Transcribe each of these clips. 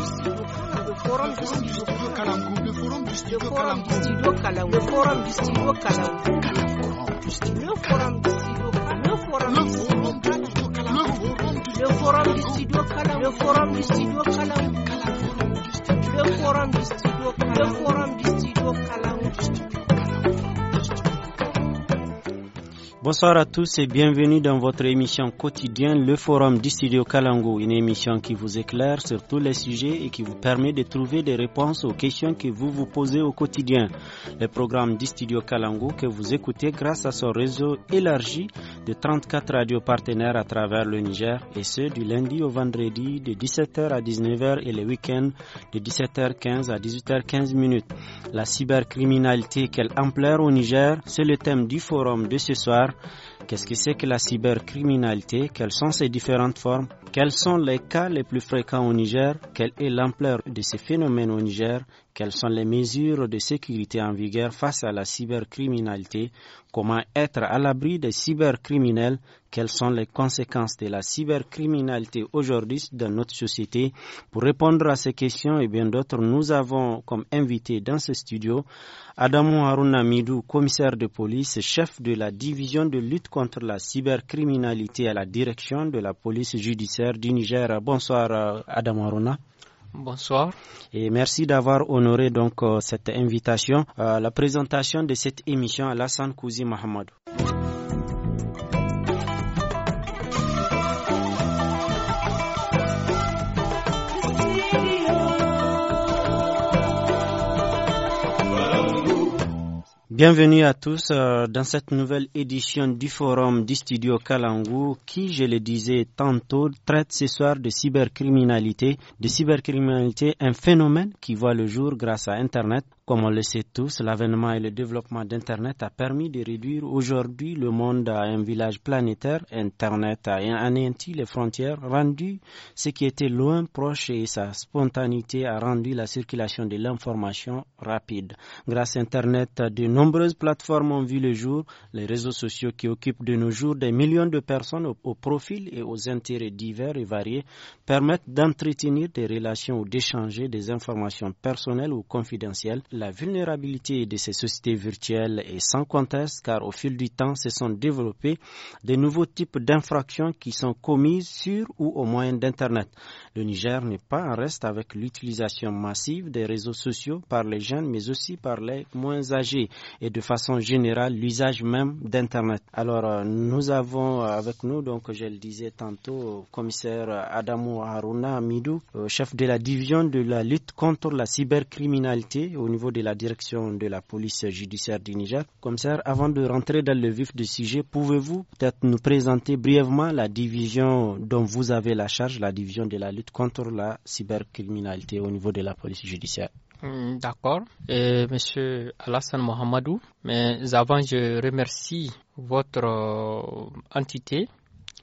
forum du studio Kalangu, le forum du studio le forum du studio le forum du studio le forum du studio le forum du studio le forum du studio le forum du studio le forum du studio le forum du studio Bonsoir à tous et bienvenue dans votre émission quotidienne Le Forum du Studio Kalango, une émission qui vous éclaire sur tous les sujets et qui vous permet de trouver des réponses aux questions que vous vous posez au quotidien. Le programme du Studio Kalango que vous écoutez grâce à son réseau élargi de 34 radios partenaires à travers le Niger et ce du lundi au vendredi de 17h à 19h et le week end de 17h15 à 18h15 minutes. La cybercriminalité, quelle ampleur au Niger, c'est le thème du forum de ce soir Qu'est-ce que c'est que la cybercriminalité Quelles sont ses différentes formes Quels sont les cas les plus fréquents au Niger Quelle est l'ampleur de ces phénomènes au Niger Quelles sont les mesures de sécurité en vigueur face à la cybercriminalité Comment être à l'abri des cybercriminels Quelles sont les conséquences de la cybercriminalité aujourd'hui dans notre société Pour répondre à ces questions et eh bien d'autres, nous avons comme invité dans ce studio Adamu Haruna Midou, commissaire de police, chef de la division de lutte contre la cybercriminalité à la direction de la police judiciaire du Niger. Bonsoir euh, Adamu Haruna. Bonsoir. Et merci d'avoir honoré donc euh, cette invitation. À la présentation de cette émission à Lassane Kouzi Mahamadou. Bienvenue à tous euh, dans cette nouvelle édition du forum du studio Kalangu qui, je le disais tantôt, traite ce soir de cybercriminalité. De cybercriminalité, un phénomène qui voit le jour grâce à Internet. Comme on le sait tous, l'avènement et le développement d'Internet a permis de réduire aujourd'hui le monde à un village planétaire. Internet a anéanti les frontières, rendu ce qui était loin proche et sa spontanéité a rendu la circulation de l'information rapide. Grâce à Internet, de nombreuses plateformes ont vu le jour, les réseaux sociaux qui occupent de nos jours des millions de personnes aux au profil et aux intérêts divers et variés permettent d'entretenir des relations ou d'échanger des informations personnelles ou confidentielles la vulnérabilité de ces sociétés virtuelles est sans conteste car au fil du temps se sont développés de nouveaux types d'infractions qui sont commises sur ou au moyen d'Internet. Le Niger n'est pas en reste avec l'utilisation massive des réseaux sociaux par les jeunes, mais aussi par les moins âgés et de façon générale l'usage même d'Internet. Alors, euh, nous avons euh, avec nous, donc je le disais tantôt, euh, commissaire Adamo Haruna Midou, chef de la division de la lutte contre la cybercriminalité au niveau de la direction de la police judiciaire du Niger. Commissaire, avant de rentrer dans le vif du sujet, pouvez-vous peut-être nous présenter brièvement la division dont vous avez la charge, la division de la lutte contre la cybercriminalité au niveau de la police judiciaire. Hmm, d'accord. Monsieur Alassane Mohamadou, mais avant, je remercie votre euh, entité,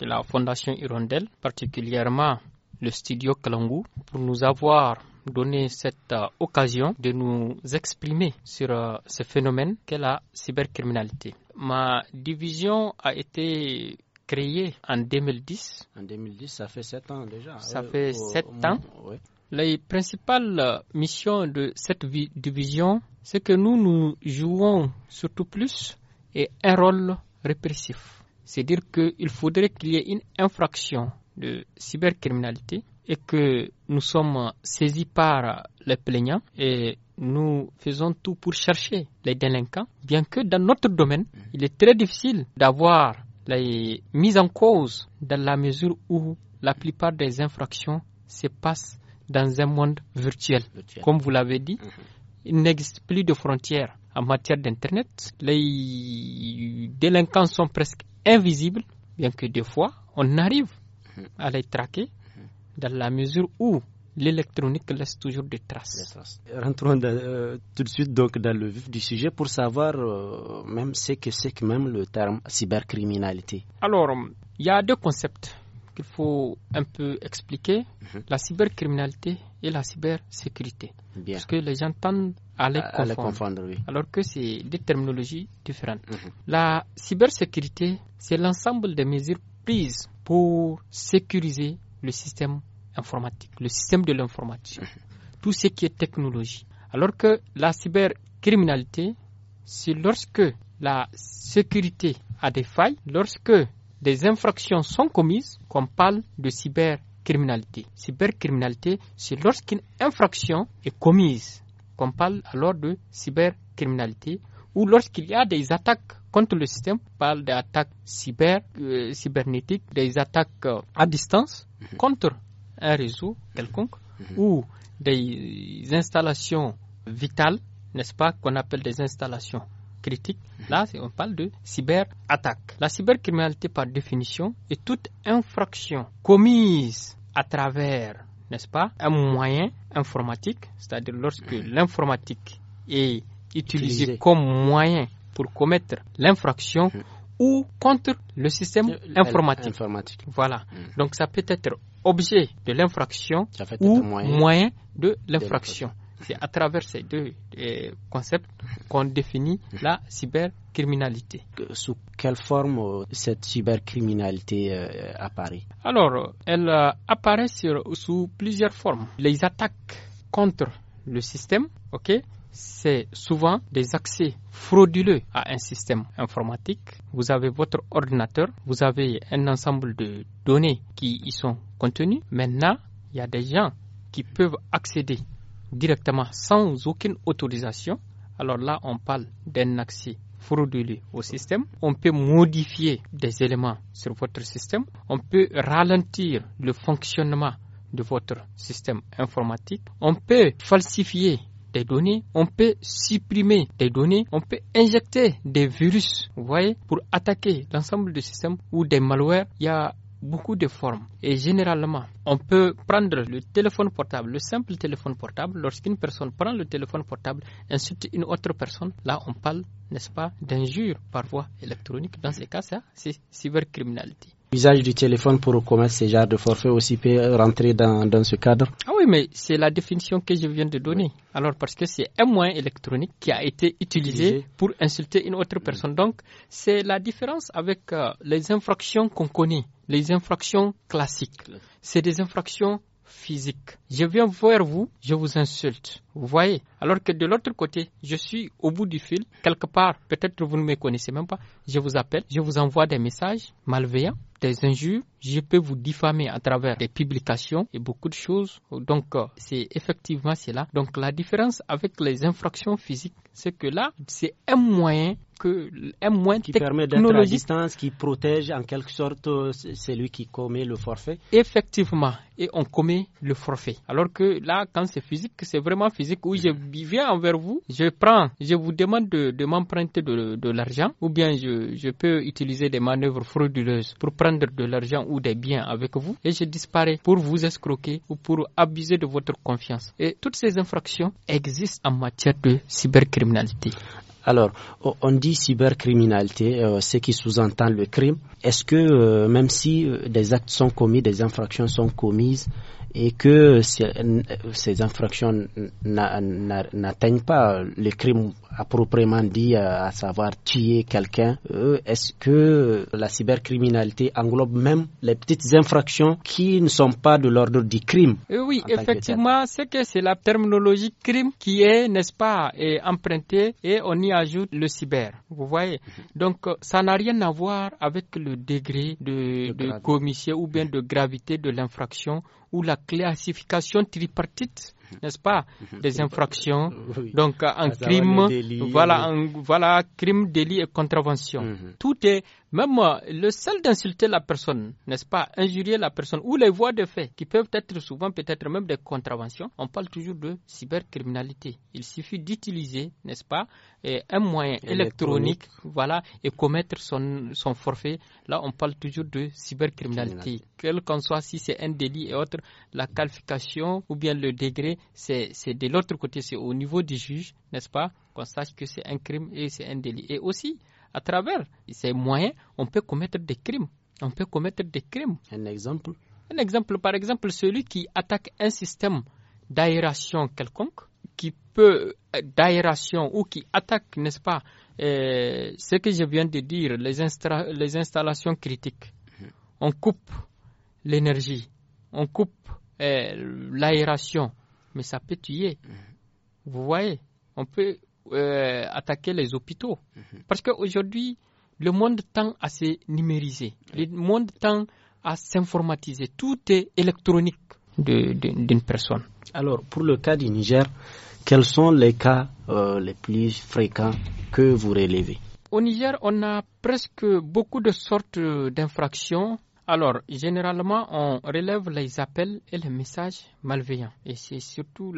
la Fondation Hirondelle, particulièrement le studio Kalangu, pour nous avoir donné cette euh, occasion de nous exprimer sur euh, ce phénomène qu'est la cybercriminalité. Ma division a été créé en 2010. En 2010, ça fait sept ans déjà. Ça euh, fait sept ans. Les La principale euh, mission de cette division, c'est que nous, nous jouons surtout plus et un rôle répressif. C'est-à-dire qu'il faudrait qu'il y ait une infraction de cybercriminalité et que nous sommes saisis par les plaignants et nous faisons tout pour chercher les délinquants, bien que dans notre domaine, mmh. il est très difficile d'avoir les mises en cause dans la mesure où la plupart des infractions se passent dans un monde virtuel. Comme vous l'avez dit, mhm. il n'existe plus de frontières en matière d'Internet. Les délinquants sont presque invisibles, bien que des fois, on arrive mhm. à les traquer mhm. dans la mesure où l'électronique laisse toujours des traces. Rentrons euh, tout de suite donc dans le vif du sujet pour savoir euh, même ce que c'est que même le terme cybercriminalité. Alors, il y a deux concepts qu'il faut un peu expliquer, mhm. la cybercriminalité et la cybersécurité. Parce que les gens tendent à les confondre, alors que c'est des terminologies différentes. Mhm. La cybersécurité, c'est l'ensemble des mesures prises pour sécuriser le système informatique, le système de l'informatique, mhm. tout ce qui est technologie. Alors que la cybercriminalité, c'est lorsque la sécurité a des failles, lorsque des infractions sont commises, qu'on parle de cybercriminalité. Cybercriminalité, c'est lorsqu'une infraction est commise, qu'on parle alors de cybercriminalité, ou lorsqu'il y a des attaques contre le système, on parle d'attaques cyber, euh, cybernétiques, des attaques euh, à distance mhm. contre un réseau quelconque mhm. ou des installations vitales, n'est-ce pas, qu'on appelle des installations critiques. Mhm. Là, on parle de cyberattaque. La cybercriminalité, par définition, est toute infraction commise à travers, n'est-ce pas, un moyen informatique, c'est-à-dire lorsque mhm. l'informatique est utilisée utilisé. comme moyen pour commettre l'infraction ou contre le système informatique. Voilà. Donc ça peut être objet de l'infraction ou moyen, de l'infraction. C'est à travers ces deux euh, concepts qu'on définit mm. la cybercriminalité. Sous quelle forme euh, cette cybercriminalité euh, apparaît Alors, elle apparaît sur, sous plusieurs formes. Les attaques contre le système, ok, c'est souvent des accès frauduleux à un système informatique. Vous avez votre ordinateur, vous avez un ensemble de données qui y sont contenues. Maintenant, il y a des gens qui peuvent accéder directement sans aucune autorisation. Alors là, on parle d'un accès frauduleux au système. On peut modifier des éléments sur votre système. On peut ralentir le fonctionnement de votre système informatique. On peut falsifier des données, on peut supprimer des données, on peut injecter des virus, vous voyez, pour attaquer l'ensemble du système ou des malwares. Il y a beaucoup de formes. Et généralement, on peut prendre le téléphone portable, le simple téléphone portable. Lorsqu'une personne prend le téléphone portable, insulte une autre personne, là on parle, n'est-ce pas, d'injure par voie électronique. Dans ces cas, ça, c'est cybercriminalité. L'usage du téléphone pour commettre ce genre de forfait aussi peut rentrer dans, ce cadre Ah oui, mais c'est la définition que je viens de donner. Alors, parce que c'est un moyen électronique qui a été utilisé, pour insulter une autre personne. Donc, c'est la différence avec euh, les infractions qu'on connaît, les infractions classiques. C'est des infractions physiques. Je viens voir vous, je vous insulte. Vous voyez Alors que de l'autre côté, je suis au bout du fil, quelque part, peut-être vous ne me connaissez même pas, je vous appelle, je vous envoie des messages malveillants des injures, je peux vous diffamer à travers des publications et beaucoup de choses. Donc, euh, c'est effectivement cela. Donc, la différence avec les infractions physiques, c'est que là, c'est un moyen que un moyen qui permet d'être à distance, qui protège en quelque sorte euh, celui qui commet le forfait. Effectivement, et on commet le forfait. Alors que là, quand c'est physique, c'est vraiment physique où je mm. viens envers vous, je prends, je vous demande de, m'emprunter de, l'argent, ou bien je, je peux utiliser des manœuvres frauduleuses pour prendre de l'argent ou des biens avec vous et je disparais pour vous escroquer ou pour abuser de votre confiance. Et toutes ces infractions existent en matière de cybercriminalité. Alors, on dit cybercriminalité, euh, ce qui sous-entend le crime. Est-ce que euh, même si euh, des actes sont commis, des infractions sont commises, et que ces infractions n'atteignent pas les crimes appropriément dit, à savoir tuer quelqu'un. Euh, est-ce que la cybercriminalité englobe même les petites infractions qui ne sont pas de l'ordre du crime euh, Oui, effectivement, c'est que c'est la terminologie crime qui est, n'est-ce pas, empruntée et on y ajoute le cyber. Vous voyez mhm. Donc, ça n'a rien à voir avec le degré de, commissaire de commission ou bien de gravité de l'infraction ou la classification tripartite mhm. n'est-ce pas mhm. des infractions donc un crime voilà voilà crime délit et contravention mhm. tout est même le seul d'insulter la personne, n'est-ce pas, injurier la personne, ou les voies de fait, qui peuvent être souvent peut-être même des contraventions, on parle toujours de cybercriminalité. Il suffit d'utiliser, n'est-ce pas, eh, un moyen électronique, voilà, et commettre son, son forfait. Là, on parle toujours de cybercriminalité. Quel qu'en soit, si c'est un délit et autre, la qualification ou bien le degré, c'est de l'autre côté, c'est au niveau du juge, n'est-ce pas, qu'on sache que c'est un crime et c'est un délit. Et aussi, à travers ces moyens, on peut commettre des crimes. On peut commettre des crimes. Un exemple Un exemple, par exemple, celui qui attaque un système d'aération quelconque, qui peut euh, d'aération ou qui attaque, n'est-ce pas, euh, ce que je viens de dire, les, les installations critiques. Mhm. On coupe l'énergie, on coupe euh, l'aération, mais ça peut tuer. Mhm. Vous voyez, on peut euh, attaquer les hôpitaux. Mhm. Parce qu'aujourd'hui, le monde tend à se numériser, le monde tend à s'informatiser. Tout est électronique d'une personne. Alors, pour le cas du Niger, quels sont les cas euh, les plus fréquents que vous relevez Au Niger, on a presque beaucoup de sortes d'infractions. Alors, généralement, on relève les appels et les messages malveillants. Et c'est surtout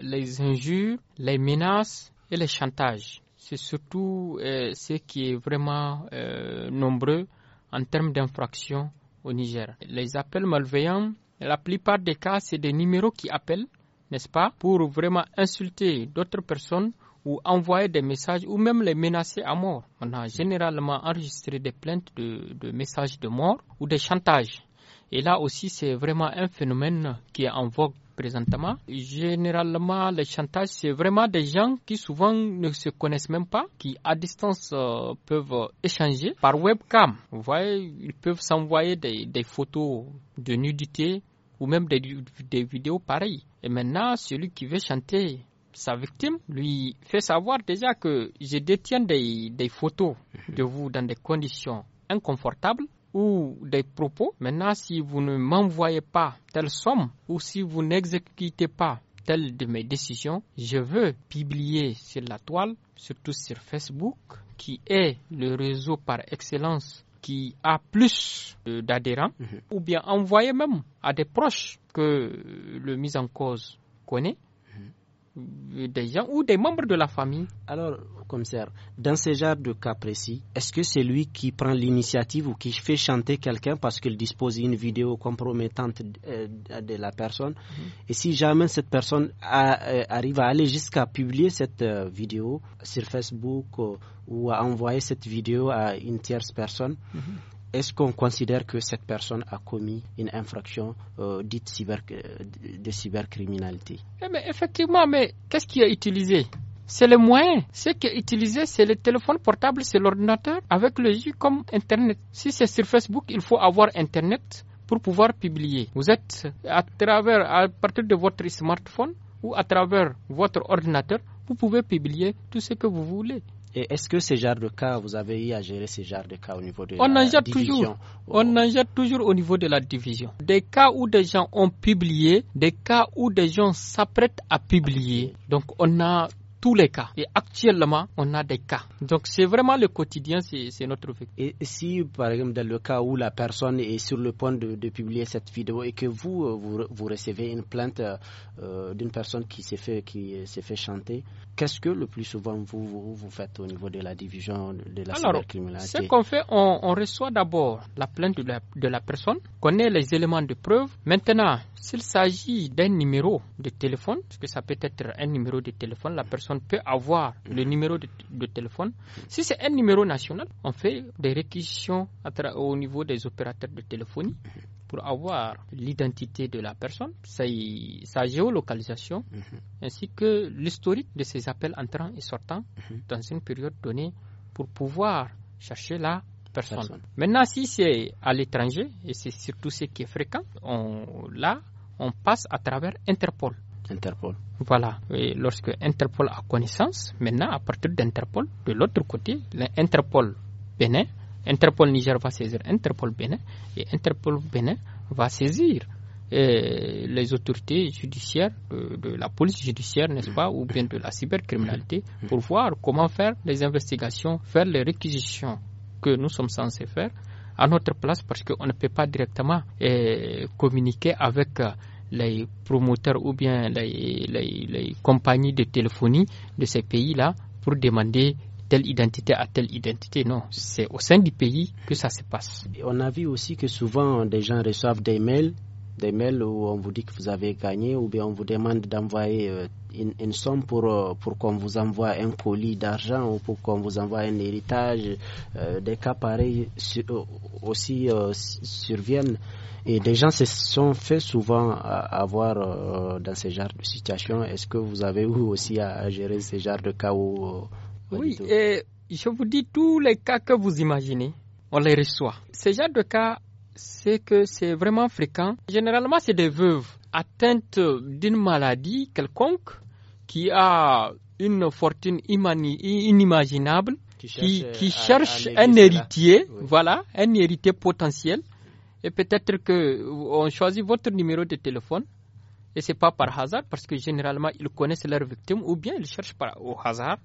les injures, les menaces, et le chantage. C'est surtout euh, ce qui est vraiment euh, nombreux en termes d'infractions au Niger. Les appels malveillants, la plupart des cas, c'est des numéros qui appellent, n'est-ce pas, pour vraiment insulter d'autres personnes ou envoyer des messages ou même les menacer à mort. On a généralement enregistré des plaintes de, de messages de mort ou des chantages et là aussi, c'est vraiment un phénomène qui est en vogue présentement. Généralement, les chantage, c'est vraiment des gens qui souvent ne se connaissent même pas, qui à distance euh, peuvent échanger par webcam. Vous voyez, ils peuvent s'envoyer des, photos de nudité ou même des, vidéos pareilles. Et maintenant, celui qui veut chanter sa victime lui fait savoir déjà que je détiens des photos de vous dans des conditions inconfortables ou des propos. Maintenant, si vous ne m'envoyez pas telle somme ou si vous n'exécutez pas telle de mes décisions, je veux publier sur la toile, surtout sur Facebook, qui est le réseau par excellence qui a plus d'adhérents, mhm. ou bien envoyer même à des proches que le mise en cause connaît, euh, des gens ou des membres de la famille. Alors, commissaire, dans ce genre de cas précis, est-ce que c'est lui qui prend l'initiative ou qui fait chanter quelqu'un parce qu'il dispose d'une vidéo compromettante euh, de la personne mhm. Et si jamais cette personne euh, arrive à aller jusqu'à publier cette vidéo sur Facebook ou à envoyer cette vidéo à une tierce personne, mhm est-ce qu'on considère que cette personne a commis une infraction euh, dite cyber, euh, de cybercriminalité eh ben, Effectivement, mais qu'est-ce qui a utilisé c'est le moyen. Ce qui est utilisé, c'est le téléphone portable, c'est l'ordinateur, avec le jeu comme Internet. Si c'est sur Facebook, il faut avoir Internet pour pouvoir publier. Vous êtes à travers, à partir de votre smartphone ou à travers votre ordinateur, vous pouvez publier tout ce que vous voulez. Et est-ce que ces genres de cas, vous avez eu à gérer ces genres de cas au niveau de on la division toujours. On en gère toujours au niveau de la division. Des cas où des gens ont publié, des cas où des gens s'apprêtent à publier. Donc on a les cas. Et actuellement, on a des cas. Donc c'est vraiment le quotidien, c'est notre vie Et si, par exemple, dans le cas où la personne est sur le point de, publier cette vidéo et que vous, euh, vous, recevez une plainte euh, euh, d'une personne qui s'est fait, qui s'est fait chanter, qu'est-ce que le plus souvent vous, vous, faites au niveau de la division de la cybercriminalité ce qu'on fait, on, reçoit d'abord la plainte de la, de la personne, connaît les éléments de preuve. Maintenant, s'il s'agit d'un numéro de téléphone, parce que ça peut être un numéro de téléphone, la personne peut avoir le numéro de, téléphone. Si c'est un numéro national, on fait des réquisitions au niveau des opérateurs de téléphonie pour avoir l'identité de la personne, sa, géolocalisation, ainsi que l'historique de ses appels entrants et sortant dans une période donnée pour pouvoir chercher la personne. Maintenant, si c'est à l'étranger, et c'est surtout ce qui est fréquent, on, là, on passe à travers Interpol. Interpol. Voilà. Et lorsque Interpol a connaissance, maintenant, à partir d'Interpol, de l'autre côté, l'Interpol Bénin, Interpol Niger va saisir Interpol Bénin et Interpol Bénin va saisir euh, les autorités judiciaires, la police judiciaire, n'est-ce pas, ou bien de la cybercriminalité, pour voir comment faire les investigations, faire les réquisitions que nous sommes censés faire à notre place parce qu'on ne peut pas directement eh, communiquer avec euh, les promoteurs ou bien les, compagnies de téléphonie de ces pays-là pour demander telle identité à telle identité. Non, c'est au sein du pays que ça se passe. on a vu aussi que souvent des gens reçoivent des mails des mails où on vous dit que vous avez gagné ou bien on vous demande d'envoyer euh, une, somme pour, euh, pour qu'on vous envoie un colis d'argent ou pour qu'on vous envoie un héritage. Euh, des cas pareils aussi surviennent. Et des gens se sont fait souvent avoir dans ce genre de situation. Est-ce que vous avez eu aussi à, gérer ce genre de cas Oui, et je vous dis tous les cas que vous imaginez, on les reçoit. Ce genre de cas c'est que c'est vraiment fréquent. Généralement, c'est des veuves atteintes d'une maladie quelconque qui a une fortune inimaginable, qui, cherche, un, héritier, voilà, un héritier potentiel. Et peut-être que choisit votre numéro de téléphone. Et c'est pas par hasard, parce que généralement, ils connaissent leurs victimes ou bien ils cherchent par, au hasard.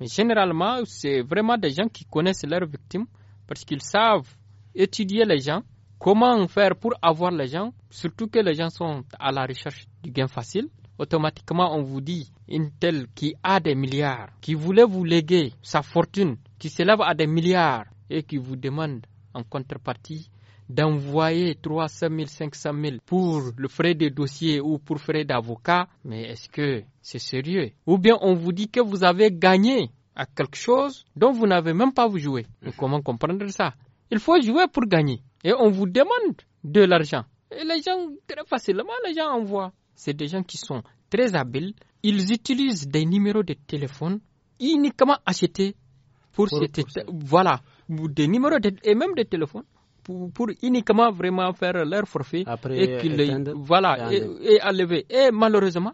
Mais généralement, c'est vraiment des gens qui connaissent leurs victimes parce qu'ils savent étudier les gens Comment faire pour avoir les gens, surtout que les gens sont à la recherche du gain facile Automatiquement, on vous dit une telle qui a des milliards, qui voulait vous léguer sa fortune, qui s'élève à des milliards et qui vous demande en contrepartie d'envoyer 300 000, 500 000 pour le frais de dossier ou pour frais d'avocat, mais est-ce que c'est sérieux Ou bien on vous dit que vous avez gagné à quelque chose dont vous n'avez même pas joué. comment comprendre ça il faut jouer pour gagner. Et on vous demande de l'argent. Et les gens, très facilement, les gens envoient. C'est des gens qui sont très habiles. Ils utilisent des numéros de téléphone uniquement achetés pour, cette, voilà, des numéros et même des téléphones pour, uniquement vraiment faire leur forfait Après, et qu'ils voilà et, à et, Et malheureusement,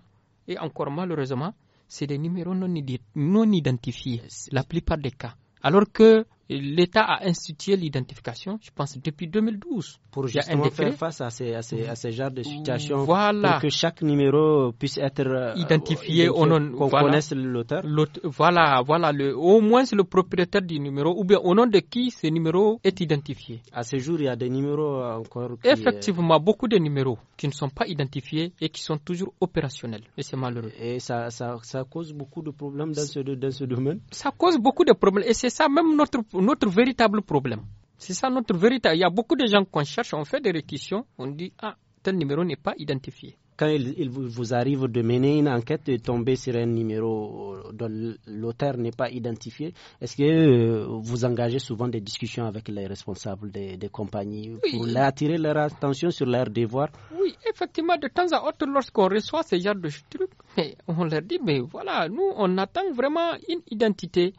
et encore malheureusement, c'est des numéros non, non identifiés la plupart des cas. Alors que l'État a institué l'identification, je pense, depuis 2012. Pour justement faire face à ces, à ces, à ces genres de situations, voilà. pour que chaque numéro puisse être euh, identifié, identifié qu'on voilà. connaisse l'auteur. Voilà, voilà le, au moins c'est le propriétaire du numéro, ou bien au nom de qui ce numéro est identifié. À ce jour, il y a des numéros encore. Qui Effectivement, beaucoup de numéros qui ne sont pas identifiés et qui sont toujours opérationnels. Et c'est malheureux. Et ça, ça, ça, cause beaucoup de problèmes dans ce, dans ce domaine Ça cause beaucoup de problèmes. Et c'est ça même notre notre véritable problème. C'est ça notre véritable. Il y a beaucoup de gens qu'on cherche, on fait des réquisitions, on dit ah tel numéro n'est pas identifié. Quand il, vous arrive de mener une enquête et tomber sur un numéro dont l'auteur n'est pas identifié, est-ce que euh, vous engagez souvent des discussions avec les responsables des, compagnies pour attirer leur attention sur leurs devoirs Oui, effectivement, de temps à autre, lorsqu'on reçoit ce genre de trucs, on leur dit, mais voilà, nous, on attend vraiment une identité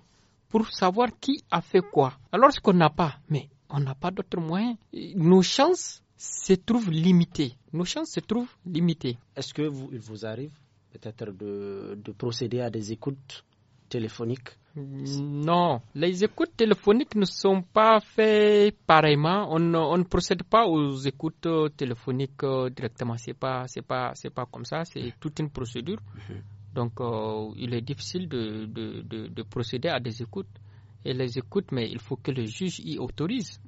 pour savoir qui a fait quoi. Alors ce qu'on n'a pas, mais on n'a pas d'autres moyens. Nos chances se trouvent limitées. Nos chances se trouvent limitées. Est-ce que vous, il vous arrive peut-être de, procéder à des écoutes téléphoniques non, les écoutes téléphoniques ne sont pas faites pareillement. On, on ne procède pas aux écoutes euh, téléphoniques euh, directement. C'est pas, c'est pas, c'est pas comme ça. C'est mmh. toute une procédure. Mmh. Donc, euh, il est difficile de, de, procéder à des écoutes. Et les écoutes, mais il faut que le juge y autorise.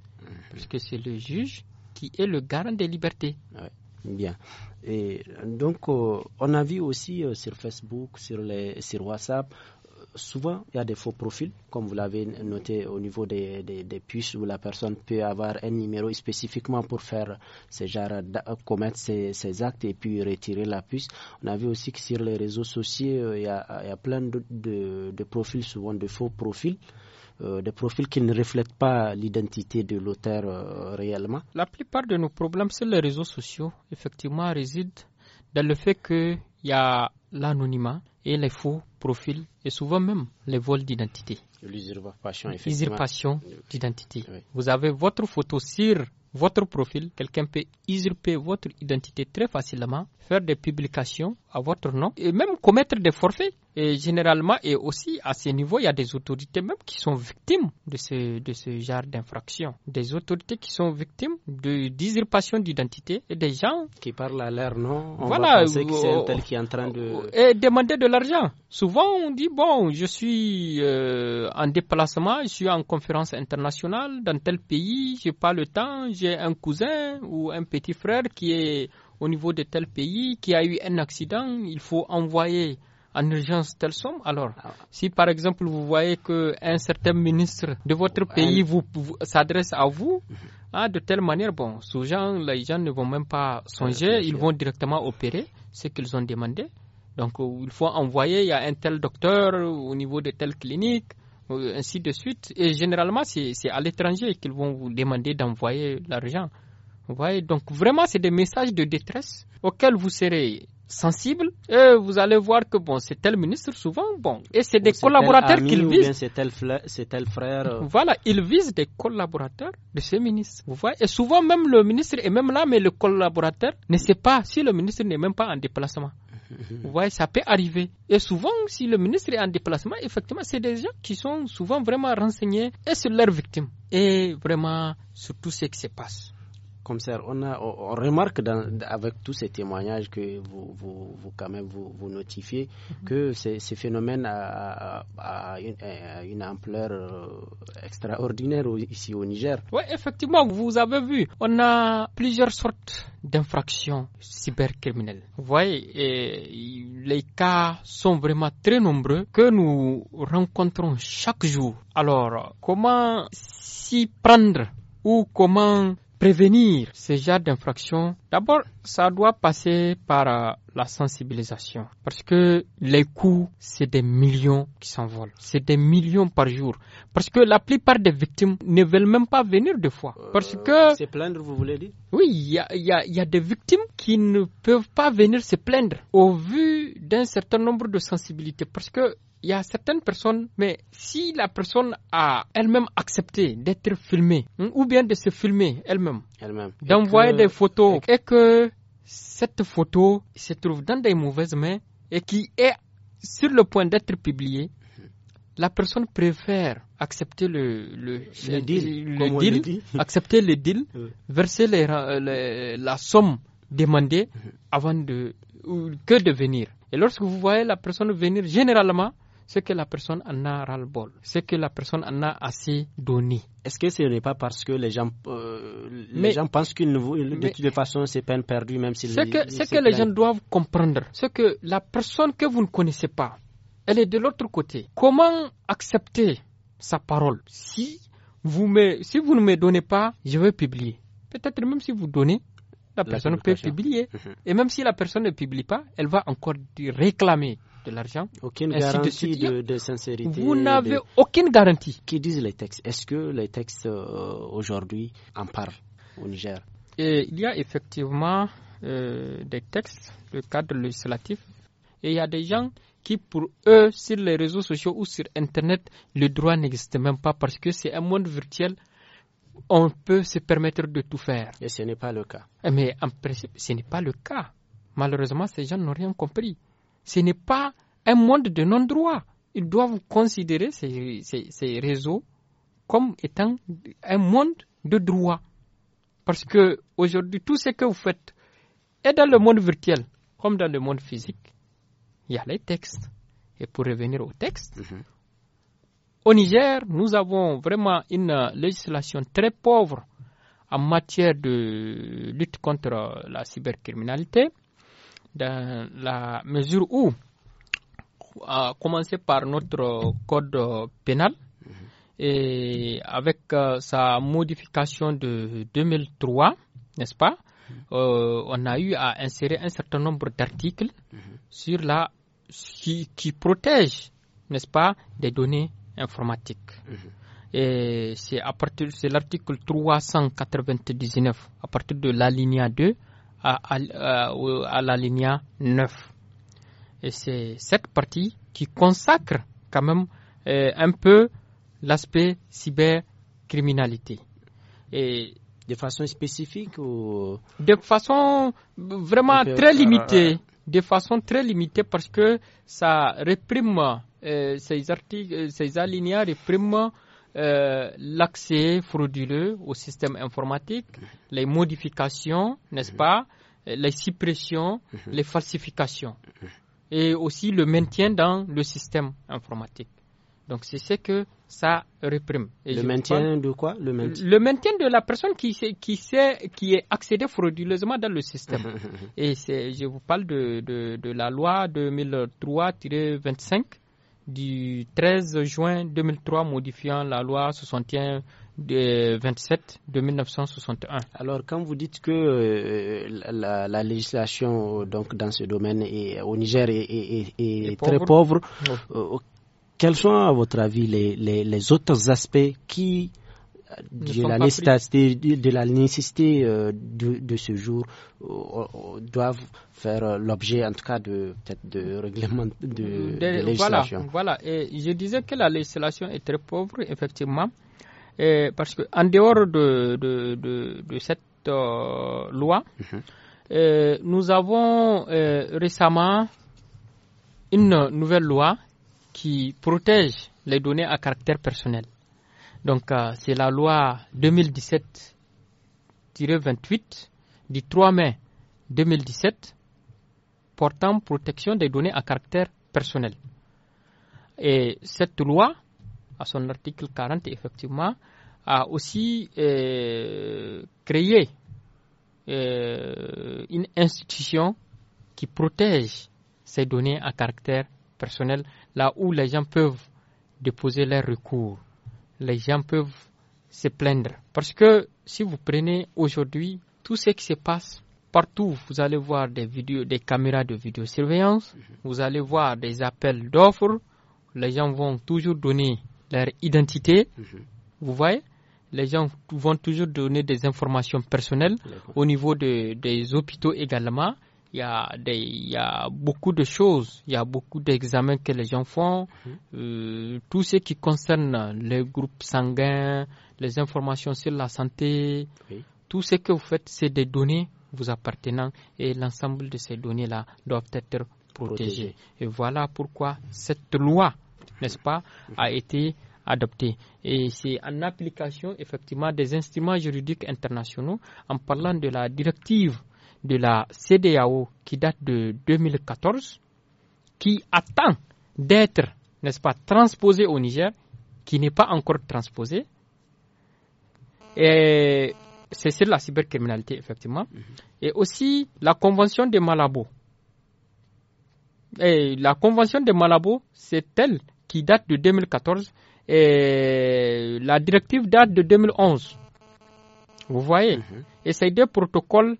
Parce que c'est le juge qui est le garant des libertés. Oui, Bien. Et donc, euh, on a vu aussi euh, sur Facebook, sur, les, sur WhatsApp, souvent, il y a des faux profils, comme vous l'avez noté au niveau des, des, puces, où la personne peut avoir un numéro spécifiquement pour faire euh, commettre ces, actes et puis retirer la puce. On a vu aussi que sur les réseaux sociaux, euh, il y a, plein de, de, profils, souvent de faux profils. Euh, des profils qui ne reflètent pas l'identité de l'auteur réellement. La plupart de nos problèmes sur les réseaux sociaux, effectivement, résident dans le fait qu'il y a l'anonymat et les faux profils et souvent même les vols d'identité. L'usurpation d'identité. Vous avez votre photo sur votre profil, quelqu'un peut usurper votre identité très facilement, faire des publications à votre nom et même commettre des forfaits. Et généralement, et aussi à ce niveau, il y a des autorités même qui sont victimes de ce, de ce genre d'infraction. Des autorités qui sont victimes de d'usurpation d'identité et des gens. Qui parlent à leur nom. On voilà. Va penser que c'est un tel oh, qui est en train de. Oh, et demander de l'argent. Souvent, on dit bon, je suis euh, en déplacement, je suis en conférence internationale dans tel pays, j'ai pas le temps, j'ai un cousin ou un petit frère qui est au niveau de tel pays, qui a eu un accident, il faut envoyer en urgence telle somme, alors ah. si par exemple vous voyez qu'un certain ministre de votre ah, pays vous, s'adresse à vous, mhm. ah, de telle manière, bon, souvent les gens ne vont même pas songer, ils vont directement opérer ce qu'ils ont demandé. Donc euh, il faut envoyer, il y a un tel docteur au niveau de telle clinique, euh, ainsi de suite. Et généralement, c'est à l'étranger qu'ils vont vous demander d'envoyer l'argent. Vous voyez, donc vraiment, c'est des messages de détresse auxquels vous serez sensible et vous allez voir que bon c'est tel ministre souvent bon et c'est des collaborateurs qu'ils visent c'est tel c'est tel frère voilà ils visent des collaborateurs de ces ministres vous voyez et souvent même le ministre est même là mais le collaborateur ne sait pas si le ministre n'est même pas en déplacement vous voyez, ça peut arriver. Et souvent, si le ministre est en déplacement, effectivement, c'est des gens qui sont souvent vraiment renseignés et sur leurs victimes. Et vraiment, sur tout ce qui se passe comme ça, on, remarque avec tous ces témoignages que vous, vous, quand même vous, notifiez mhm. que ce phénomène phénomènes a, une, ampleur euh, extraordinaire ici au Niger. Oui, effectivement, vous avez vu, on a plusieurs sortes d'infractions cybercriminelles. Vous voyez, les cas sont vraiment très nombreux que nous rencontrons chaque jour. Alors, comment s'y prendre ou comment prévenir ces genre d'infraction, d'abord, ça doit passer par euh, la sensibilisation. Parce que les coûts, c'est des millions qui s'envolent. C'est des millions par jour. Parce que la plupart des victimes ne veulent même pas venir deux fois. Euh, Parce que... c'est plaindre, vous voulez dire Oui, il y a, y a, des victimes qui ne peuvent pas venir se plaindre au vu d'un certain nombre de sensibilités. Parce que il y a certaines personnes, mais si la personne a elle-même accepté d'être filmée, hein, ou bien de se filmer elle-même, d'envoyer des photos, et que... cette photo se trouve dans des mauvaises mains et qui est sur le point d'être publiée, la personne préfère accepter le, le, deal, accepter le deal, verser la somme demandée avant de, que de venir. Et lorsque vous voyez la personne venir, généralement, c'est que la personne en a ras-le-bol, c'est que la personne en a assez donné. Est-ce que ce n'est pas parce que les gens, euh, les gens pensent qu'ils de toute façon, c'est peine perdue, même s'ils... C'est que, c'est que les gens doivent comprendre, c'est que la personne que vous ne connaissez pas, elle est de l'autre côté. Comment accepter sa parole si vous, me, si vous ne me donnez pas, je vais publier. Peut-être même si vous donnez, la, la personne peut publier. Mhm. Et même si la personne ne publie pas, elle va encore réclamer de l'argent. Aucune garantie de, sincérité. Vous n'avez aucune garantie. Qui disent les textes Est-ce que les textes euh, aujourd'hui en parlent au Niger Il y a effectivement euh, des textes, le cadre législatif, et il y a des gens qui, pour eux, sur les réseaux sociaux ou sur Internet, le droit n'existe même pas parce que c'est un monde virtuel on peut se permettre de tout faire. Et ce n'est pas le cas. Mais en principe, ce n'est pas le cas. Malheureusement, ces gens n'ont rien compris ce n'est pas un monde de non-droit. Ils doivent considérer ces, réseaux comme étant un monde de droit. Parce que aujourd'hui, tout ce que vous faites est dans le monde virtuel comme dans le monde physique. Il y a les textes. Et pour revenir aux textes, mhm. au Niger, nous avons vraiment une législation très pauvre en matière de lutte contre la cybercriminalité dans la mesure où, à commencer par notre code pénal, mhm. et avec euh, sa modification de 2003, n'est-ce pas, mhm. euh, on a eu à insérer un certain nombre d'articles mhm. sur la qui, qui protègent, n'est-ce pas, des données informatiques. Et c'est à partir c'est l'article 399 à partir de l'alinéa 2 à, à, euh, à 9. Et c'est cette partie qui consacre quand même euh, un peu l'aspect cybercriminalité. Et de façon spécifique ou De façon vraiment très limitée. Ah, ah, ah. De façon très limitée parce que ça réprime, euh, ces articles, ces alinéas répriment euh, l'accès frauduleux au système informatique, mhm. les modifications, n'est-ce mhm. pas, les suppressions, mhm. les falsifications, et aussi le maintien dans le système informatique. Donc c'est ce que ça réprime. le maintien de quoi le maintien. le maintien de la personne qui, sait, qui, qui est accédée frauduleusement dans le système. et je vous parle de, de la loi 2003-25 du 13 juin 2003 modifiant la loi 61-27 de, 1961. Alors, quand vous dites que euh, la, législation donc, dans ce domaine au Niger est, très pauvre, euh, quels sont, à votre avis, les autres aspects qui de la, nécessité euh, de, ce jour euh, euh, doivent faire l'objet en tout cas de peut de règlement de, législation. Voilà, voilà, Et je disais que la législation est très pauvre effectivement parce que en dehors de cette loi, mhm. nous avons récemment une nouvelle loi qui protège les données à caractère personnel. Donc, euh, c'est la loi 2017-28 du 3 mai 2017 portant protection des données à caractère personnel. Et cette loi, à son article 40, effectivement, a aussi euh, créé euh, une institution qui protège ces données à caractère personnel, là où les gens peuvent déposer leurs recours les gens peuvent se plaindre. Parce que si vous prenez aujourd'hui tout ce qui se passe partout, vous allez voir des vidéos, des caméras de vidéosurveillance, mhm. vous allez voir des appels d'offres, les gens vont toujours donner leur identité, mhm. vous voyez les gens vont toujours donner des informations personnelles au niveau des hôpitaux également il y a des, beaucoup de choses, il y a beaucoup d'examens que les gens font. Mhm. Euh, tout ce qui concerne les groupes sanguins, les informations sur la santé, tout ce que vous faites, c'est des données vous appartenant et l'ensemble de ces données-là doivent être protégées. Et voilà pourquoi cette loi, n'est-ce pas, mhm. a été adoptée. Et c'est en application effectivement des instruments juridiques internationaux en parlant de la directive de la CDAO qui date de 2014, qui attend d'être, n'est-ce pas, transposée au Niger, qui n'est pas encore transposée Et c'est sur la cybercriminalité, effectivement. Mhm. Et aussi la Convention de Malabo. Et la Convention de Malabo, c'est elle qui date de 2014 et la directive date de 2011. Vous voyez mhm. Et ces deux protocoles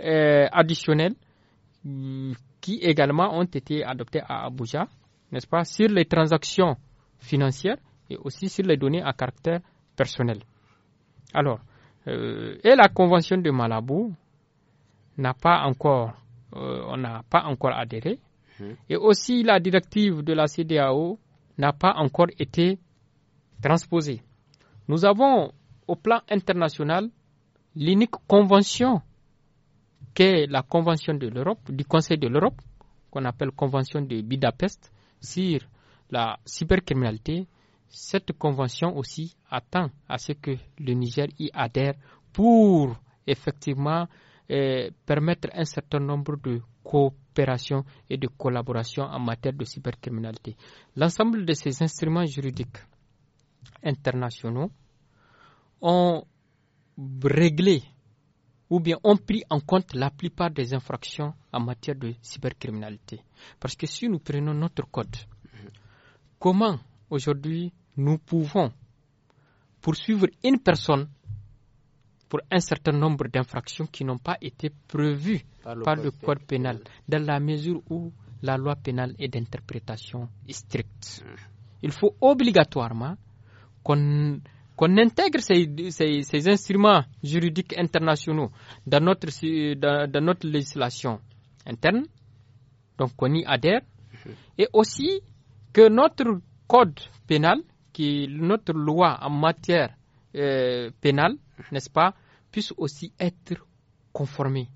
euh, additionnels euh, qui également ont été adoptés à Abuja, n'est-ce pas, sur les transactions financières et aussi sur les données à caractère personnel. Alors, euh, et la convention de Malabou n'a pas encore, on n'a pas encore adhéré. Mmh. Et aussi la directive de la CDAO n'a pas encore été transposée. Nous avons au plan international l'unique convention qu'est la Convention de l'Europe, du Conseil de l'Europe, qu'on appelle Convention de Budapest, sur la cybercriminalité, cette convention aussi attend à ce que le Niger y adhère pour effectivement euh, permettre un certain nombre de coopérations et de collaborations en matière de cybercriminalité. L'ensemble de ces instruments juridiques internationaux ont réglé ou bien ont pris en compte la plupart des infractions en matière de cybercriminalité. Parce que si nous prenons notre code, comment aujourd'hui nous pouvons poursuivre une personne pour un certain nombre d'infractions qui n'ont pas été prévues par par le code pénal, dans la mesure où la loi pénale est d'interprétation stricte. Mm. Il faut obligatoirement qu'on qu'on intègre ces, ces, instruments juridiques internationaux dans notre, dans, notre législation interne, donc qu'on y adhère, mhm. et aussi que notre code pénal, qui notre loi en matière euh, pénale, n'est-ce pas, puisse aussi être conformé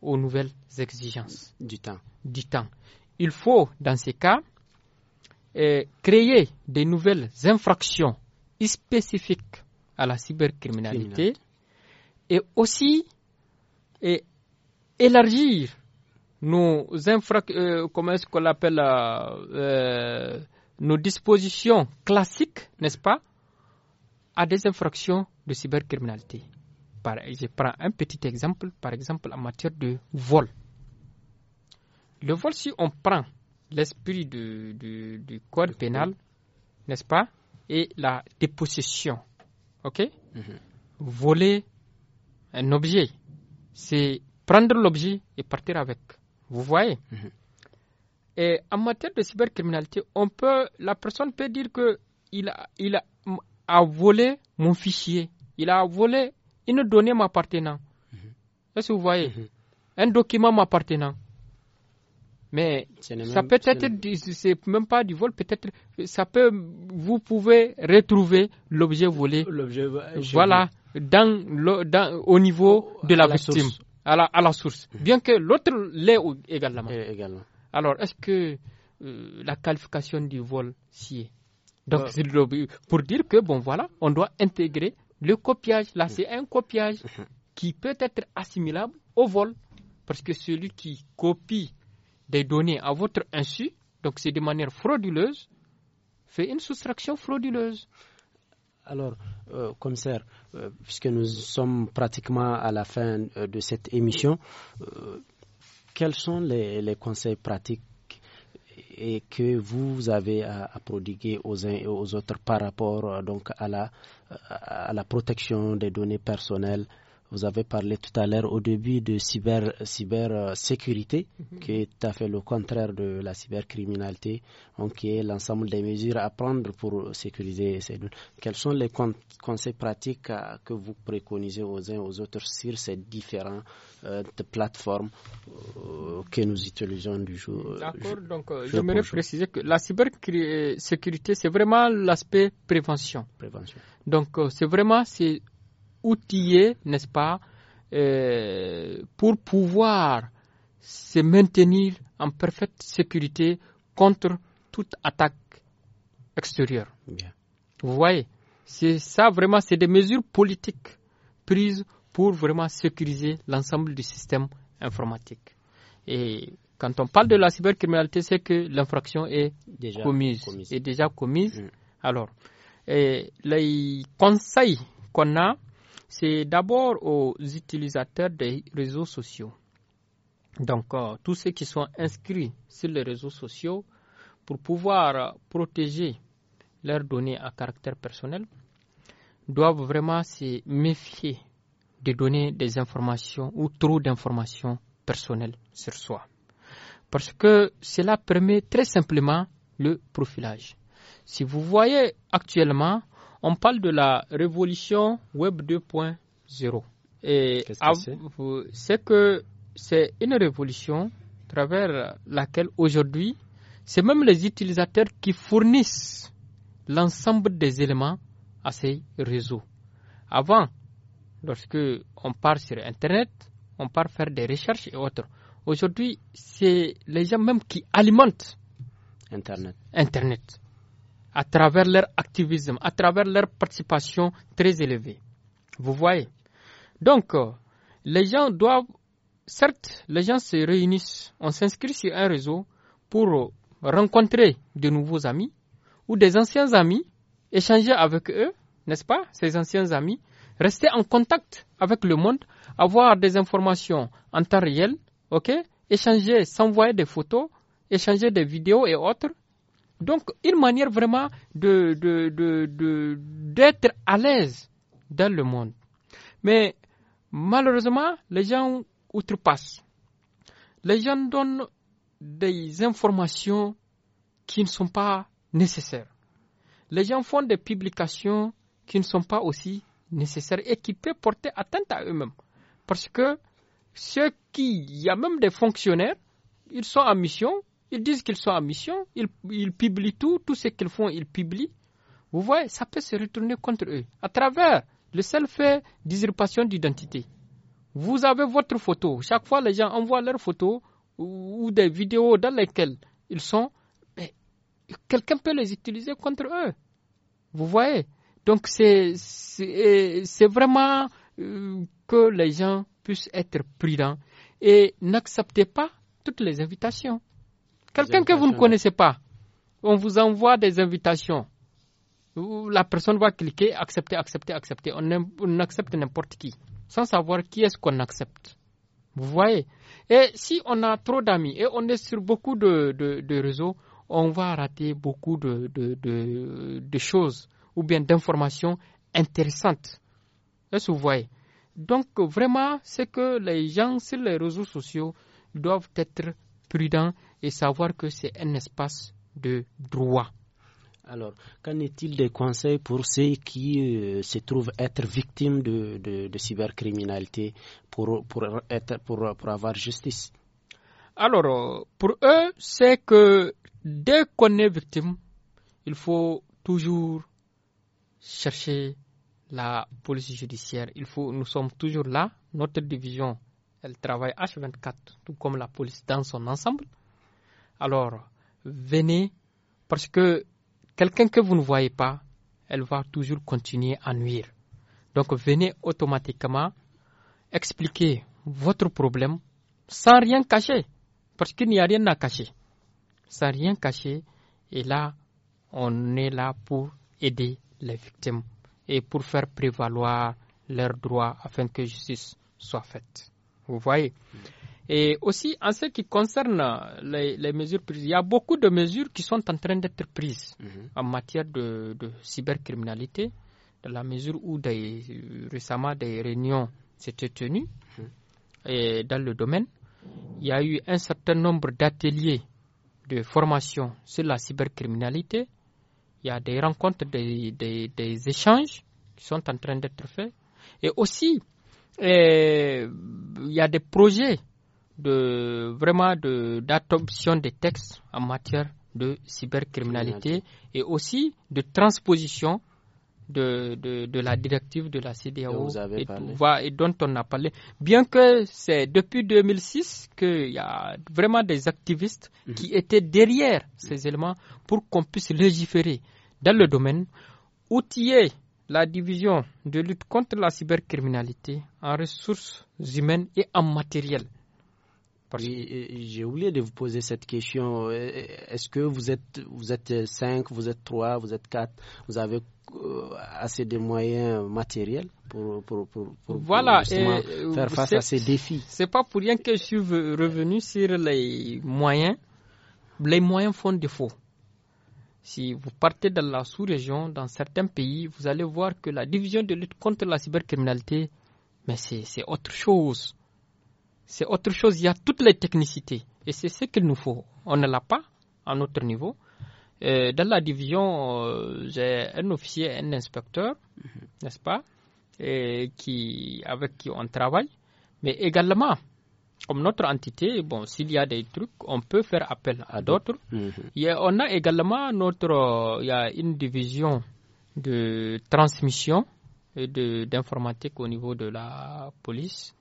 aux nouvelles exigences du temps. Du temps. Il faut, dans ces cas, euh, créer des nouvelles infractions spécifique à la cybercriminalité et aussi élargir nos infractions, euh, comment est-ce qu'on l'appelle, euh, euh, nos dispositions classiques, n'est-ce pas, à des infractions de cybercriminalité. Par, je prends un petit exemple, par exemple en matière de vol. Le vol, si on prend l'esprit du code pénal, n'est-ce pas, et la dépossession. Ok mhm. Voler un objet, c'est prendre l'objet et partir avec. Vous voyez mhm. Et en matière de cybercriminalité, on peut, la personne peut dire que il a, il a, volé mon fichier, il a volé une donnée m'appartenant. Mhm. Est-ce que vous voyez Un document m'appartenant. Mais ça peut être, c'est même pas du vol, peut-être, ça peut, vous pouvez retrouver l'objet volé. Voilà, dans, dans, au niveau de la, victime, à, la, à la, source. Mmh. Bien que l'autre l'ait également. Alors, est-ce que euh, la qualification du vol si Donc, bah. est pour dire que, bon, voilà, on doit intégrer le copiage. Là, mmh. c'est un copiage mmh. qui peut être assimilable au vol. Parce que celui qui copie des données à votre insu, donc c'est de manière frauduleuse, fait une soustraction frauduleuse. Alors, euh, commissaire, euh, puisque nous sommes pratiquement à la fin euh, de cette émission, euh, quels sont les, conseils pratiques et que vous avez à, prodiguer aux uns et aux autres par rapport donc à la, à la protection des données personnelles vous avez parlé tout à l'heure au début de cyber cybersécurité, euh, mhm. qui est tout à fait le contraire de la cybercriminalité, qui est l'ensemble des mesures à prendre pour sécuriser ces données. Quels sont les conseils pratiques euh, que vous préconisez aux uns et aux autres sur ces différentes euh, plateformes que nous utilisons du jour D'accord, donc je j'aimerais préciser que la cybersécurité, c'est vraiment l'aspect prévention. Prévention. Donc c'est vraiment outillés, n'est-ce pas, euh, pour pouvoir se maintenir en parfaite sécurité contre toute attaque extérieure. Vous voyez, c'est ça vraiment, c'est des mesures politiques prises pour vraiment sécuriser l'ensemble du système informatique. Et quand on parle de la cybercriminalité, c'est que l'infraction est déjà commise, est déjà commise. Mm. Alors, les conseils qu'on a, c'est d'abord aux utilisateurs des réseaux sociaux. Donc, euh, tous ceux qui sont inscrits sur les réseaux sociaux pour pouvoir euh, protéger leurs données à caractère personnel doivent vraiment se méfier de donner des informations ou trop d'informations personnelles sur soi. Parce que cela permet très simplement le profilage. Si vous voyez actuellement on parle de la révolution Web 2.0. Et c'est que c'est une révolution à travers laquelle aujourd'hui, c'est même les utilisateurs qui fournissent l'ensemble des éléments à ces réseaux. Avant, lorsque on part sur Internet, on part faire des recherches et autres. Aujourd'hui, c'est les gens même qui alimentent Internet. Internet à travers leur activisme, à travers leur participation très élevée. Vous voyez Donc, euh, les gens doivent, certes, les gens se réunissent, on s'inscrit sur un réseau pour euh, rencontrer de nouveaux amis ou des anciens amis, échanger avec eux, n'est-ce pas, ces anciens amis, rester en contact avec le monde, avoir des informations en temps réel, ok, échanger, s'envoyer des photos, échanger des vidéos et autres, donc, une manière vraiment de, de, de, d'être à l'aise dans le monde. Mais malheureusement, les gens outrepassent. Les gens donnent des informations qui ne sont pas nécessaires. Les gens font des publications qui ne sont pas aussi nécessaires et qui peuvent porter atteinte à eux-mêmes. Parce que ceux qui, il y a même des fonctionnaires, ils sont en mission, ils disent qu'ils sont en mission, ils, publient tout, tout ce qu'ils font, ils publient. Vous voyez, ça peut se retourner contre eux à travers le seul fait d'identité. Vous avez votre photo. Chaque fois, les gens envoient leurs photos ou des vidéos dans lesquelles ils sont. Mais quelqu'un peut les utiliser contre eux. Vous voyez Donc, c'est vraiment euh, que les gens puissent être prudents et n'acceptez pas toutes les invitations. Quelqu'un que vous ne connaissez pas, on vous envoie des invitations. La personne va cliquer, accepter, accepter, accepter. On, accepte n'importe qui, sans savoir qui est-ce qu'on accepte. Vous voyez Et si on a trop d'amis et on est sur beaucoup de, réseaux, on va rater beaucoup de, de choses ou bien d'informations intéressantes. Est-ce que vous voyez Donc vraiment, c'est que les gens sur les réseaux sociaux doivent être prudents et savoir que c'est un espace de droit. Alors, qu'en est-il des conseils pour ceux qui euh, se trouvent être victimes de, cybercriminalité pour, être, pour, avoir justice Alors, pour eux, c'est que dès qu'on est victime, il faut toujours chercher la police judiciaire. Il faut, nous sommes toujours là. Notre division, elle travaille H24, tout comme la police dans son ensemble. Alors, venez, parce que quelqu'un que vous ne voyez pas, elle va toujours continuer à nuire. Donc, venez automatiquement expliquer votre problème sans rien cacher, parce qu'il n'y a rien à cacher. Sans rien cacher, et là, on est là pour aider les victimes et pour faire prévaloir leurs droits afin que justice soit faite. Vous voyez et aussi, en ce qui concerne les, mesures prises, il y a beaucoup de mesures qui sont en train d'être prises mhm. en matière de, cybercriminalité, dans la mesure où récemment des réunions s'étaient tenues mhm. et dans le domaine. Il y a eu un certain nombre d'ateliers de formation sur la cybercriminalité. Il y a des rencontres, des, échanges qui sont en train d'être faits. Et aussi, eh, il y a des projets de vraiment d'adoption des textes en matière de cybercriminalité et aussi de transposition de, la directive de la CDAO et, et, dont on a parlé. Bien que c'est depuis 2006 qu'il y a vraiment des activistes mhm. qui étaient derrière mhm. ces éléments pour qu'on puisse légiférer dans le domaine, outiller la division de lutte contre la cybercriminalité en ressources humaines et en matériel. J'ai oublié de vous poser cette question. Euh, euh, est-ce que vous êtes, vous êtes 5, vous êtes trois, vous êtes quatre. vous avez euh, assez de moyens matériels pour, pour, pour, faire face à ces défis C'est pas pour rien que je suis revenu sur les moyens. Les moyens font défaut. Si vous partez dans la sous-région, dans certains pays, vous allez voir que la division de lutte contre la cybercriminalité, mais c'est autre chose c'est autre chose. Il y a toutes les technicités. Et c'est ce qu'il nous faut. On ne l'a pas à notre niveau. dans la division, euh, j'ai un officier, un inspecteur, mhm. n'est-ce pas, et qui, avec qui on travaille. Mais également, comme notre entité, bon, s'il y a des trucs, on peut faire appel à ah, d'autres. Mm On a également notre, euh, il y a une division de transmission d'informatique au niveau de la police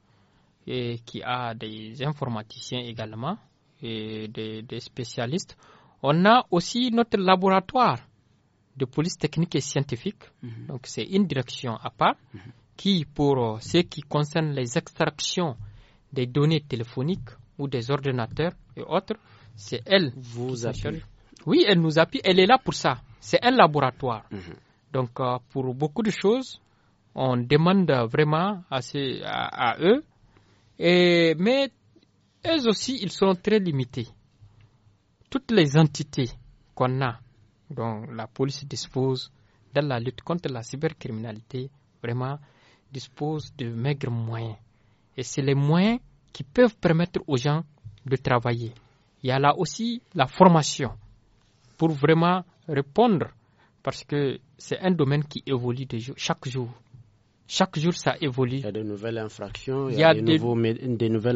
et qui a des informaticiens également et des, spécialistes. On a aussi notre laboratoire de police technique et scientifique. Mhm. Donc, c'est une direction à part mhm. qui, pour euh, ce qui concerne les extractions des données téléphoniques ou des ordinateurs et autres, c'est elle. Vous appuyez Oui, elle nous appuie. Elle est là pour ça. C'est un laboratoire. Mhm. Donc, euh, pour beaucoup de choses, on demande vraiment à, ces, à eux mais eux aussi, ils sont très limités. Toutes les entités qu'on a, dont la police dispose dans la lutte contre la cybercriminalité, vraiment disposent de maigres moyens. Et c'est les moyens qui peuvent permettre aux gens de travailler. Il y a là aussi la formation pour vraiment répondre, parce que c'est un domaine qui évolue chaque jour. Chaque jour, ça évolue. Il y a de nouvelles infractions, il y a, des, nouveaux, nouvelles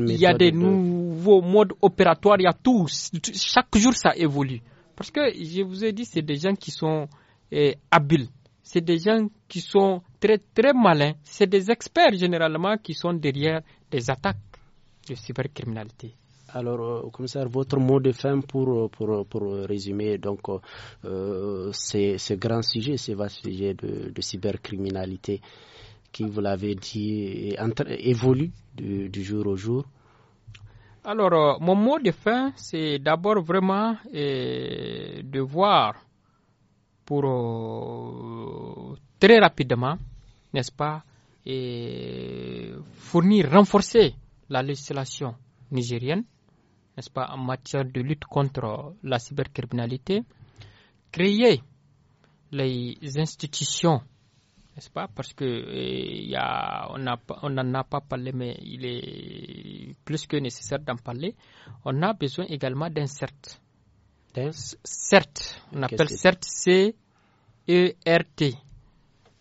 méthodes. Il y a des de... nouveaux modes opératoires, il y a tout. Chaque jour, ça évolue. Parce que, je vous ai dit, c'est des gens qui sont eh, habiles. C'est des gens qui sont très, très malins. C'est des experts, généralement, qui sont derrière des attaques de cybercriminalité. Alors, euh, commissaire, votre mot de fin pour, euh, euh, résumer donc, euh, ce, grand sujet, ce vaste sujet de cybercriminalité, qui, vous l'avez dit, évolue du, jour au jour Alors, euh, mon mot de fin, c'est d'abord vraiment euh, de voir pour euh, très rapidement, n'est-ce pas, fournir, renforcer la législation nigérienne, n'est-ce pas, en matière de lutte contre la cybercriminalité, créer les institutions pas Parce que eh, a, on n'en a pas parlé, mais il est plus que nécessaire d'en parler. On a besoin également d'un CERT. D'un CERT. On appelle CERT C-E-R-T.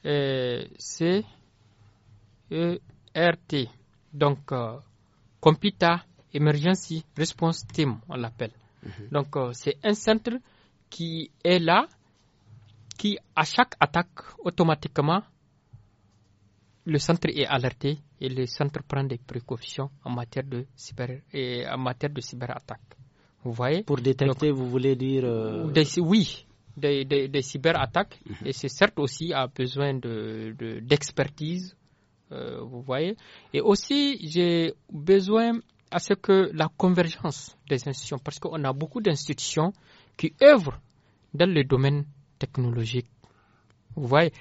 Euh, C-E-R-T. Donc, euh, compita Emergency Response Team, on l'appelle. Mhm. Donc, euh, c'est un centre qui est là qui, à chaque attaque, automatiquement, le centre est alerté et le centre prend des précautions en matière de cyber et en matière de attaque. Vous voyez Pour détecter, vous voulez dire euh, Oui, des, des, des cyberattaques. Mhm. Et c'est certes aussi a besoin d'expertise, de, de euh, vous voyez. Et aussi, j'ai besoin à ce que la convergence des institutions, parce qu'on a beaucoup d'institutions qui œuvrent dans le domaine technologique. Vous voyez,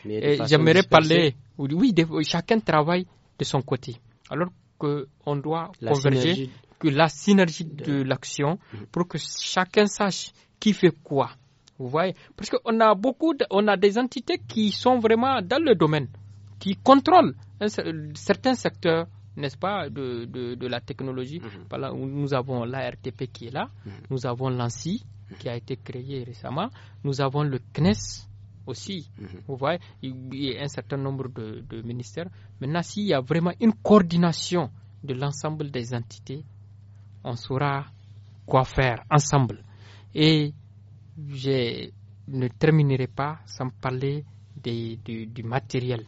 j'aimerais parler. Oui, chacun travaille de son côté. Alors qu'on doit converger, que la synergie de, l'action, mm-hmm. pour que chacun sache qui fait quoi. Vous voyez, parce qu'on a beaucoup, on a des entités qui sont vraiment dans le domaine, qui contrôlent certains secteurs n'est-ce pas, de, de, la technologie. Mm-hmm. là nous avons l'ARTP qui est là, mm-hmm. nous avons l'ANSI, qui a été créé récemment. Nous avons le CNES aussi. Mhm. Vous voyez, il y a un certain nombre de, ministères. Maintenant, s'il y a vraiment une coordination de l'ensemble des entités, on saura quoi faire ensemble. Et je ne terminerai pas sans parler du, matériel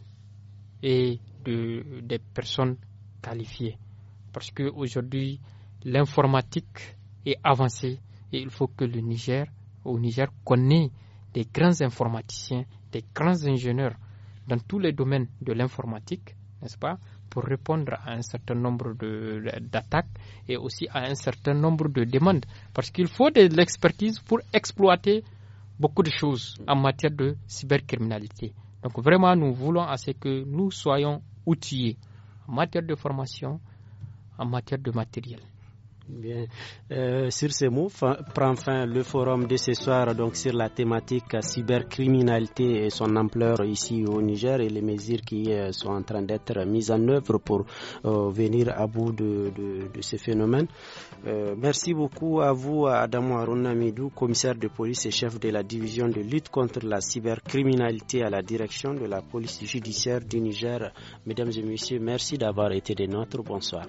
et des personnes qualifiées. Parce qu'aujourd'hui, l'informatique est avancée et il faut que le Niger, au Niger, connaît des grands informaticiens, des grands ingénieurs dans tous les domaines de l'informatique, n'est-ce pas, pour répondre à un certain nombre d'attaques et aussi à un certain nombre de demandes. Parce qu'il faut de l'expertise pour exploiter beaucoup de choses en matière de cybercriminalité. Donc vraiment, nous voulons à ce que nous soyons outillés en matière de formation, en matière de matériel. Bien. Euh, sur ces mots, prend fin le forum de ce soir donc sur la thématique cybercriminalité et son ampleur ici au Niger et les mesures qui euh, sont en train d'être mises en œuvre pour euh, venir à bout de, de, ce phénomène. merci beaucoup à vous, Adam Adamo commissaire de police et chef de la division de lutte contre la cybercriminalité à la direction de la police judiciaire du Niger. Mesdames et messieurs, merci d'avoir été des nôtres. Bonsoir.